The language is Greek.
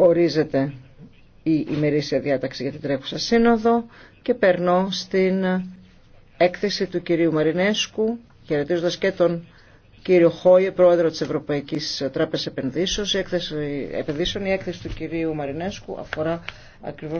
ορίζεται η ημερήσια διάταξη για την τρέχουσα σύνοδο και περνώ στην έκθεση του κυρίου Μαρινέσκου, χαιρετίζοντα και τον κύριο Χόιε, πρόεδρο της Ευρωπαϊκής Τράπεζας Επενδύσεων. Η έκθεση, επενδύσεων, η έκθεση του κυρίου Μαρινέσκου αφορά ακριβώς